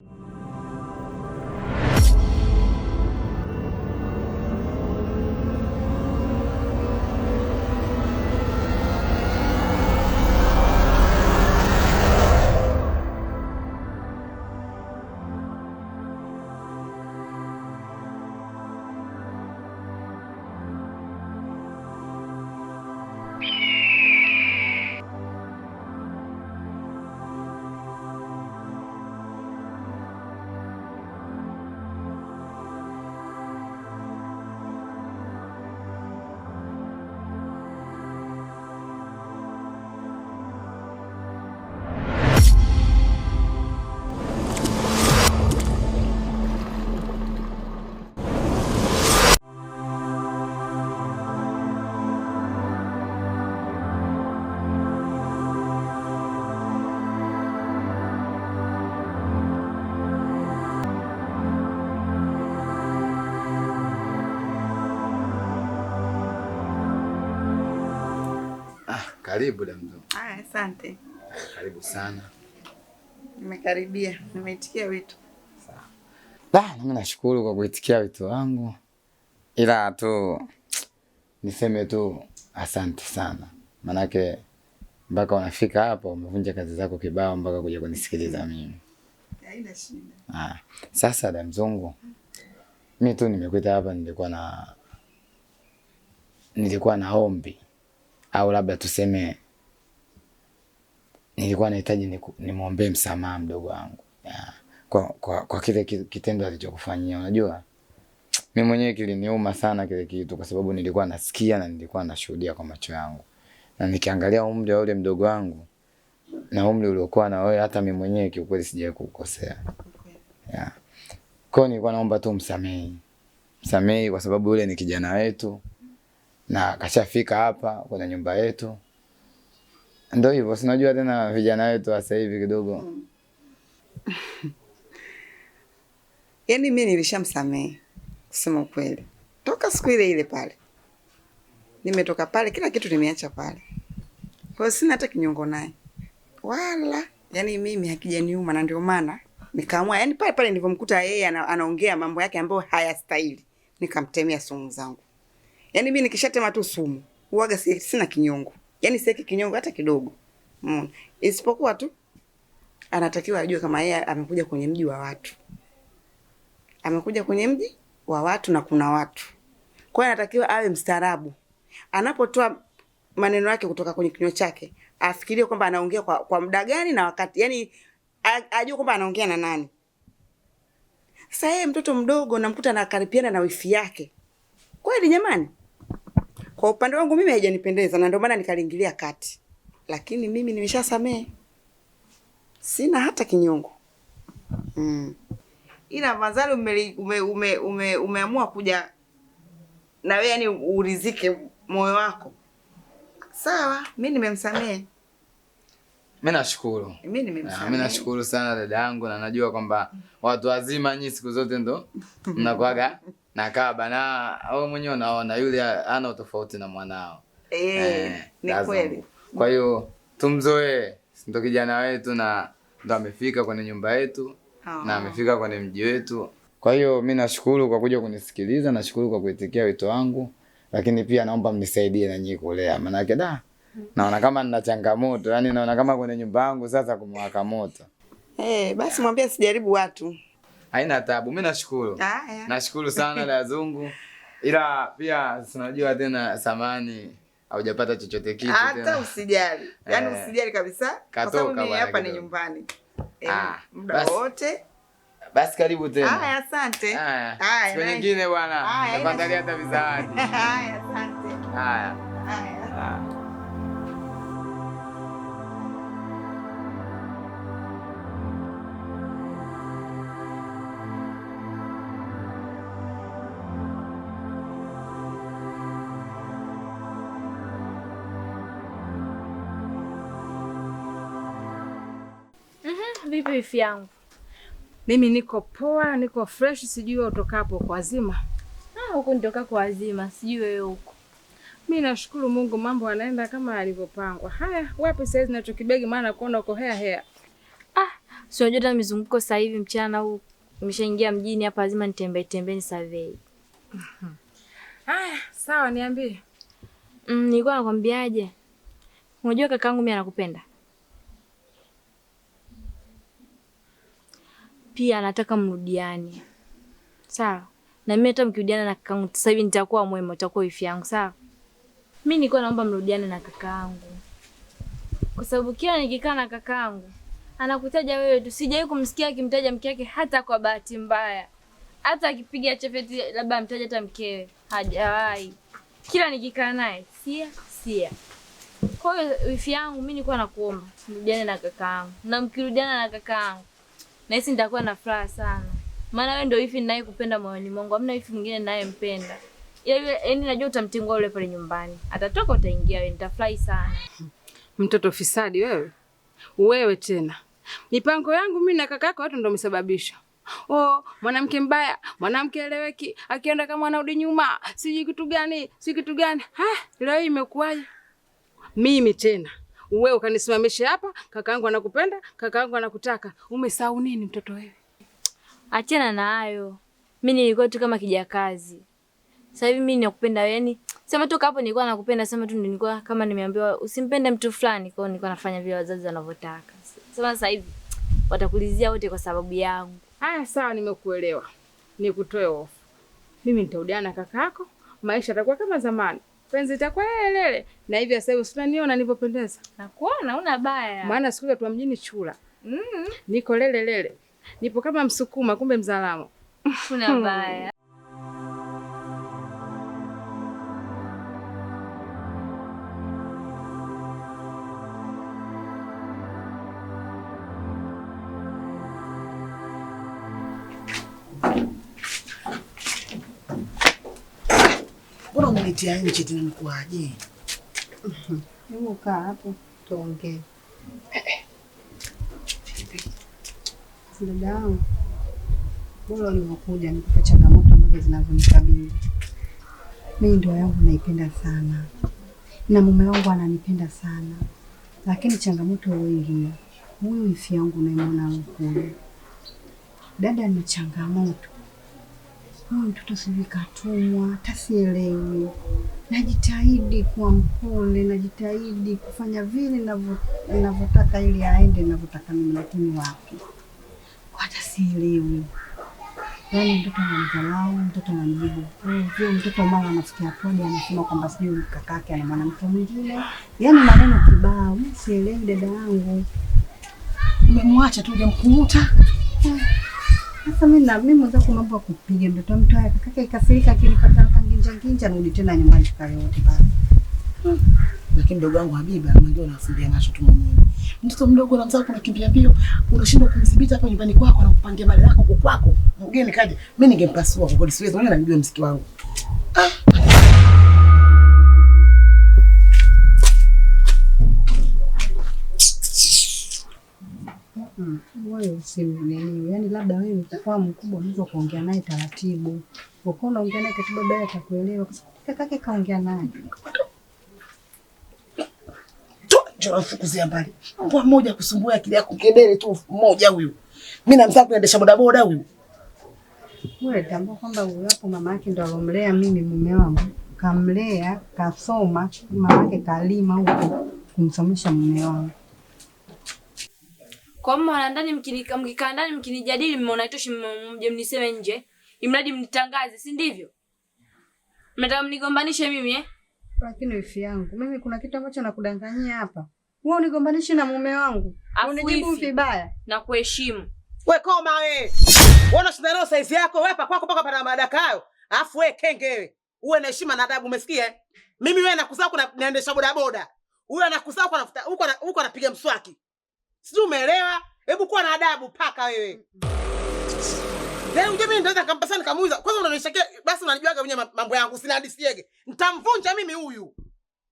you Karibu damzo. Ah, asante. Karibu sana. Nimekaribia, nimeitikia wito. Sawa. Ah, mimi nashukuru kwa kuitikia wito wangu, ila tu niseme tu asante sana, manake mpaka unafika hapo umevunja kazi zako kibao mpaka kuja kunisikiliza mimi. Haina shida. Ah, sasa mimi tu nimekuita hapa, nilikuwa na nilikuwa na ombi au labda tuseme nilikuwa nahitaji nimwombee msamaha mdogo wangu ah, kwa, kwa, kwa kile kitendo alichokufanyia. Unajua mi mwenyewe kiliniuma sana kile kitu, kwa sababu nilikuwa nasikia na nilikuwa nashuhudia kwa macho yangu, na nikiangalia umri wa ule mdogo wangu na umri uliokuwa na wewe, hata mi mwenyewe kiukweli sijawahi kukosea Kwa hiyo nilikuwa naomba tu msamehi, msamehi kwa sababu yule ni kijana wetu na kashafika hapa kwenye nyumba yetu. Ndio hivyo, si unajua tena vijana wetu sasa hivi kidogo mm. Yaani mimi nilishamsamehe kusema ukweli, toka siku ile ile pale nimetoka pale, kila kitu nimeacha pale, kwa hiyo sina hata kinyongo naye wala, yaani mimi hakijaniuma, na ndio maana nikaamua, yaani pale pale nilivyomkuta yeye anaongea mambo yake ambayo hayastahili, nikamtemea sumu zangu. Yaani mimi nikishatema tu sumu, huaga sina kinyongo. Yaani siweki kinyongo hata kidogo. Mm. Isipokuwa tu anatakiwa ajue kama yeye amekuja kwenye mji wa watu. Amekuja kwenye mji wa watu na kuna watu. Kwa hiyo anatakiwa awe mstaarabu. Anapotoa maneno yake kutoka kwenye kinywa chake, afikirie kwamba anaongea kwa, kwa muda gani na wakati. Yaani ajue kwamba anaongea na nani. Sasa yeye mtoto mdogo namkuta anakaribiana na wifi yake. Kweli jamani? Kwa upande wangu mimi haijanipendeza na ndio maana nikaliingilia kati, lakini mimi nimeshasamehe, sina hata kinyongo mm. Ila mazali umeamua ume, ume, ume kuja na wewe yani urizike moyo wako sawa. Mimi nimemsamehe, mimi nashukuru, mimi nimemsamehe, mimi nashukuru sana dada yangu, na najua kwamba watu wazima nyinyi siku zote ndo mnakuaga na kaa bana, au mwenyewe unaona yule ana tofauti na mwanao eh, e, ni kweli. Kwa hiyo tumzoee, ndo kijana wetu na ndo amefika kwenye nyumba yetu oh, na ah. amefika kwenye mji wetu. Kwa hiyo mi nashukuru kwa kuja kunisikiliza, nashukuru kwa kuitikia wito wangu, lakini pia naomba mnisaidie na nyinyi kulea, maanake da naona kama nina changamoto, yani naona kama kwenye nyumba yangu sasa kumwaka moto. Eh, hey, basi mwambie sijaribu watu haina tabu. Mimi nashukuru, ah, nashukuru sana la zungu, ila pia tunajua tena samani haujapata chochote kitu Hata usijali, yani, eh. usijali kabisa, kwa sababu mimi hapa ni nyumbani eh, ah, muda wote. Basi karibu tena. Haya, asante. Haya, siku nyingine bwana, tafadhali hata vizawadi. Haya, asante. Haya. Haya. Vipi wifi yangu? Mimi niko poa, niko fresh, sijui utokapo kwa wazima. Ah, huku nitoka kwa wazima, sijui wewe huko. Mimi nashukuru Mungu mambo yanaenda kama yalivyopangwa. Haya, wapi sasa hizi nacho kibegi maana kuona uko hea hea. Ah, si unajua tena mizunguko sasa hivi mchana huu nimeshaingia mjini hapa lazima nitembee tembee ni survey. Haya, sawa niambie. Mm, nilikuwa nakwambiaje? Unajua kakaangu mimi anakupenda. pia anataka mrudiane, sawa? Na mimi hata mkirudiana na kakangu sasa hivi nitakuwa mwema, utakuwa wifi yangu, sawa? Mi nilikuwa naomba mrudiane na kakangu, kwa sababu kila nikikaa na kakangu anakutaja wewe tu. Sijawahi kumsikia akimtaja mke wake hata kwa bahati mbaya, hata akipiga chefeti labda amtaja hata mkewe, hajawahi. Kila nikikaa naye sia sia. Kwa hiyo wifi yangu, mi nilikuwa nakuomba mrudiane na kakaangu, na mkirudiana na kakaangu nahisi nitakuwa na furaha sana, maana wewe ndio hivi ninaye kupenda moyoni mwangu, hamna hivi mwingine naye mpenda. Yaani najua utamtingua yule pale nyumbani, atatoka utaingia wewe, nitafurahi sana. Mtoto fisadi wewe, wewe tena mipango yangu mimi na kakako watu ndio msababisha Oh, mwanamke mbaya, mwanamke eleweki, akienda kama anarudi nyuma, sijui kitu gani, sijui kitu gani. Ha, leo imekuwaje? Mimi tena wewe ukanisimamishe hapa, kakaangu anakupenda, kakaangu anakutaka. Umesahau nini mtoto wewe? Achana na hayo. Mimi nilikuwa tu kama kijakazi. Sasa hivi mimi nakupenda wewe, yani sema tu hapo nilikuwa nakupenda, sema tu nilikuwa kama nimeambiwa usimpende mtu fulani, kwao nilikuwa nafanya vile wazazi wanavyotaka. Sema sasa hivi watakulizia wote kwa sababu yangu. Haya, sawa, nimekuelewa. Nikutoe hofu. Mimi nitarudiana na kakako, maisha yatakuwa kama zamani penzi itakuwa eh, lele na hivi sasa hivi unaniona nilipopendeza? Nakuona una baya. Maana siku ile tu mjini chula. Mm. Niko lele lele. Nipo kama Msukuma kumbe Mzalamo. Una baya. Mbona umenitia nje tena nikuaje? Hebu kaa hapo tuongee. Dada wangu, bora ulivyokuja nikupe changamoto ambazo zinazonikabili mimi. Ndoa yangu naipenda sana na mume wangu ananipenda sana, lakini changamoto wengi, huyu ifi yangu naimona huku dada, ni changamoto huyu oh, mtoto sijui katumwa, tasielewi. Najitahidi kuwa mpole, najitahidi kufanya vile ninavyotaka ili aende ninavyotaka mimi, lakini wapi, watasielewi. Yaani mtoto anamdharau, mtoto anamjibu ovyo, mtoto mara anafikia kodi anasema kwamba sijui kakake ana mwanamke mwingine, yaani maneno kibao. Sielewi dada yangu, umemwacha tu hujamkunguta. Sasa mimi na mimi mwanzo kwa mambo ya kupiga ndoto mtu haya kaka ikasirika akinipata kanginja nginja narudi tena nyumbani kwa yote basi. Hmm. Lakini mdogo wangu Habiba mwenyewe anasimbia macho tu mwenyewe. Mtoto mdogo unamzaa kukimbia mbio, unashindwa kumdhibiti hapa nyumbani kwako na kupangia mali yako kwako. Mgeni kaje, mimi ningempasua kwa kweli siwezi, mimi namjua msiki wangu. Nini yani, labda wewe utakuwa mkubwa, unaweza kuongea naye taratibu. Ukiwa unaongea naye taratibu, baadaye atakuelewa. Kakake kaongea naye mfukuzia mbali, mbwa mmoja kusumbua akili yako, kedere tu mmoja huyu. Mimi namzaa kuendesha bodaboda huyu. Wewe tambua kwamba huyu hapo mama yake ndo alomlea mimi, mume wangu kamlea, kasoma, mama yake kalima huko kumsomesha mume wangu kwa maana ndani mkinika mkikaa ndani mkinijadili mmeona itoshi mje mniseme nje. Imradi mnitangaze, si ndivyo? Mnataka mnigombanishe mimi eh? Lakini wifi yangu, mimi kuna kitu ambacho nakudanganyia hapa. Wewe unigombanishe na mume wangu. Unijibu vibaya na kuheshimu. We koma we. Wewe shida leo saizi yako wewe kwako paka pana madaka hayo. Afu wewe kenge wewe, Uwe na heshima na adabu umesikia? Eh? Mimi wewe nakuzaa kuna naendesha bodaboda. Huyo anakuzaa huko huko anapiga mswaki. Sijui umeelewa? Hebu kuwa na adabu paka wewe. Leo uje mimi ndoza kampasa nikamuuliza. Kwanza unanishakia basi unanijuaga mwenye mambo yangu sina hadi siege. Nitamvunja mimi huyu.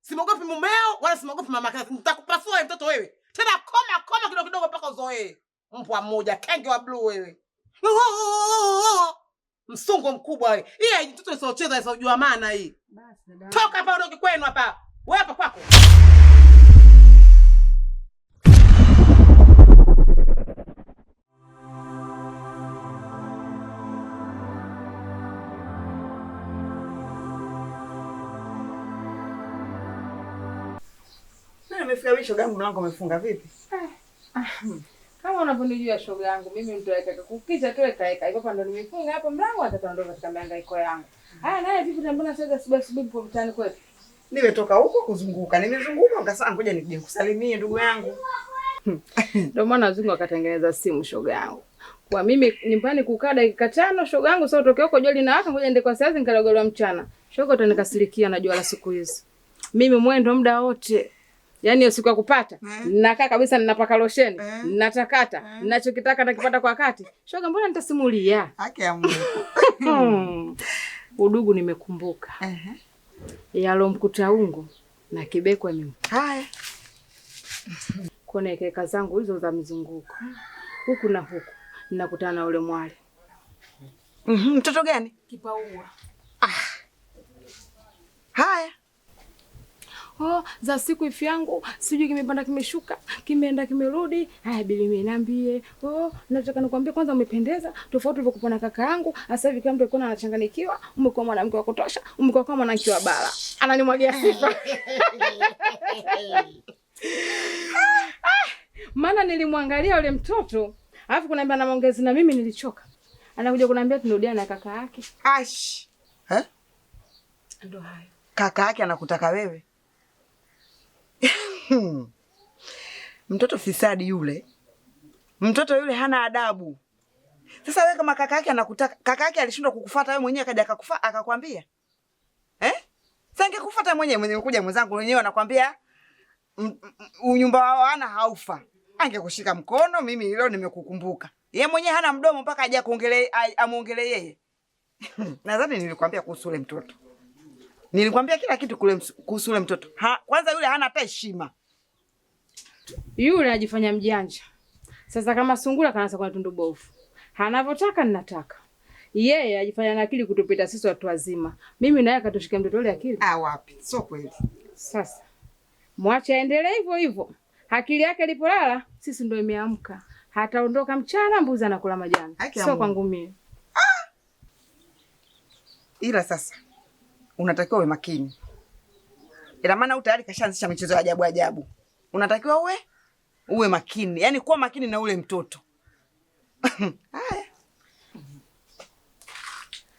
Simogopi mumeo wala simogopi mama kazi. Nitakupasua mtoto wewe. Tena koma koma kidogo kidogo paka uzoe. Mpwa mmoja kenge wa blue wewe. Msungo mkubwa wewe. Hii mtoto sio cheza sio jua maana hii. Basi dada. Toka hapa uondoke kwenu hapa. Wewe hapa kwako. wewe yangu, mlango umefunga vipi? Eh. Kama unavyonijua yangu, mimi mtu wa kaka, kukicha tu eka eka hivyo, pando, nimefunga hapo mlango, atatoka ndo katika mihangaiko yangu. Haya, naye vipi na mbona sasa asubuhi asubuhi kwa mtaani kwetu? Nimetoka huko kuzunguka, nimezunguka nikasaa, ngoja nije kusalimie ndugu yangu. Hmm. Ndio maana wazungu wakatengeneza simu yangu. Kwa mimi nyumbani kukaa dakika tano shoga yangu sasa utoke huko jua linawaka ngoja nende kwa siazi nikalogelwa mchana. Shoga utanikasirikia najua la siku hizi. Mimi mwendo muda wote yani hiyo siku ya kupata mm. Eh. nakaa kabisa, ninapaka losheni mm. natakata mm. Eh. nachokitaka nakipata kwa wakati. Shoga, mbona nitasimulia haki ya Mungu udugu, nimekumbuka uh -huh. yalomkuta ungu na kibekwa nyuma haya kone keka zangu hizo za mzunguko huku na huku, nakutana na ule mwali mhm, mtoto mm -hmm. gani kipaua ah. haya oh, za siku ifi yangu sijui kimepanda kimeshuka kimeenda kimerudi. Haya bibi, mimi niambie. Oh, nataka nikwambie kwanza, umependeza tofauti ulivyokuwa na kaka yangu. Sasa hivi kila mtu alikuwa anachanganyikiwa, umekuwa mwanamke wa kutosha, umekuwa kama mwanamke wa bara. Ananimwagia sifa maana nilimwangalia yule mtoto alafu kunaambia na maongezi na mimi nilichoka, anakuja kuniambia tunarudiana na kaka yake. Ash, eh, ndo hayo kaka yake anakutaka wewe mtoto fisadi yule, mtoto yule hana adabu. Sasa wewe kama kaka yake anakutaka, kaka yake alishindwa kukufuata wewe mwenyewe, akaja akakufa akakwambia eh? Sasa angekufuata mwenyewe mwenyewe, kuja mwenzangu mwenyewe anakwambia unyumba wa wana haufa, angekushika mkono. Mimi leo nimekukumbuka. Yeye mwenyewe hana mdomo mpaka aje kuongelea amuongelee yeye. Nadhani nilikwambia kuhusu ule mtoto. Nilikwambia kila kitu kule kuhusu yule mtoto ha. Kwanza yule hana hata heshima, yule anajifanya mjanja. Sasa kama sungura kanasa kwa tundu bofu. anavyotaka ninataka yeye yeah, ajifanya na akili kutupita sisi watu wazima. Mimi naye akatushikia mtoto yule akili. Ah, wapi, sio kweli. Sasa mwache aendelee hivyo hivyo, akili yake ilipolala sisi ndio imeamka. Hataondoka mchana, mbuzi anakula majani, sio kwangu mimi. Ah, ila sasa unatakiwa uwe makini. Ina maana u tayari kashaanzisha michezo ya ajabu ajabu, unatakiwa uwe uwe makini, yaani kuwa makini na ule mtoto.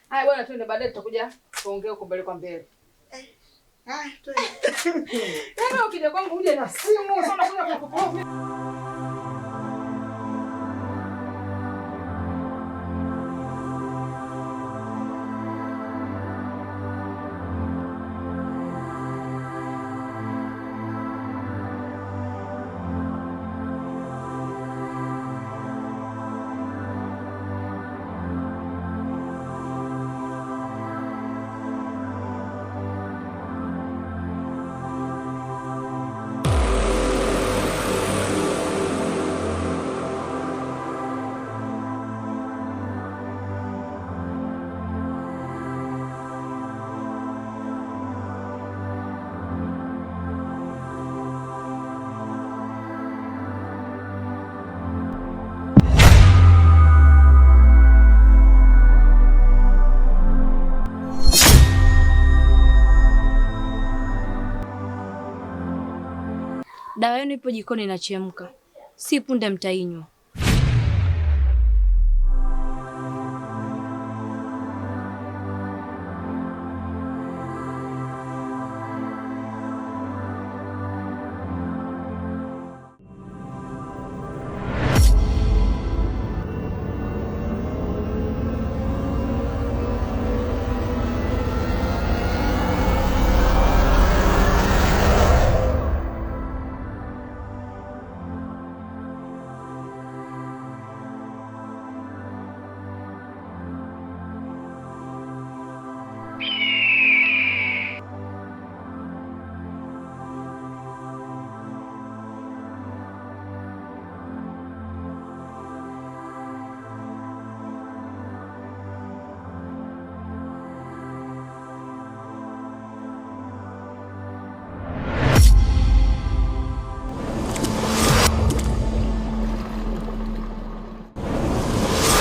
Haya haya bwana, baadaye tutakuja tuongee huko mbele kwa mbele. Eh, yaani ukija kwangu uje na simu. Dawa yenu ipo jikoni inachemka, si punde mtainywa.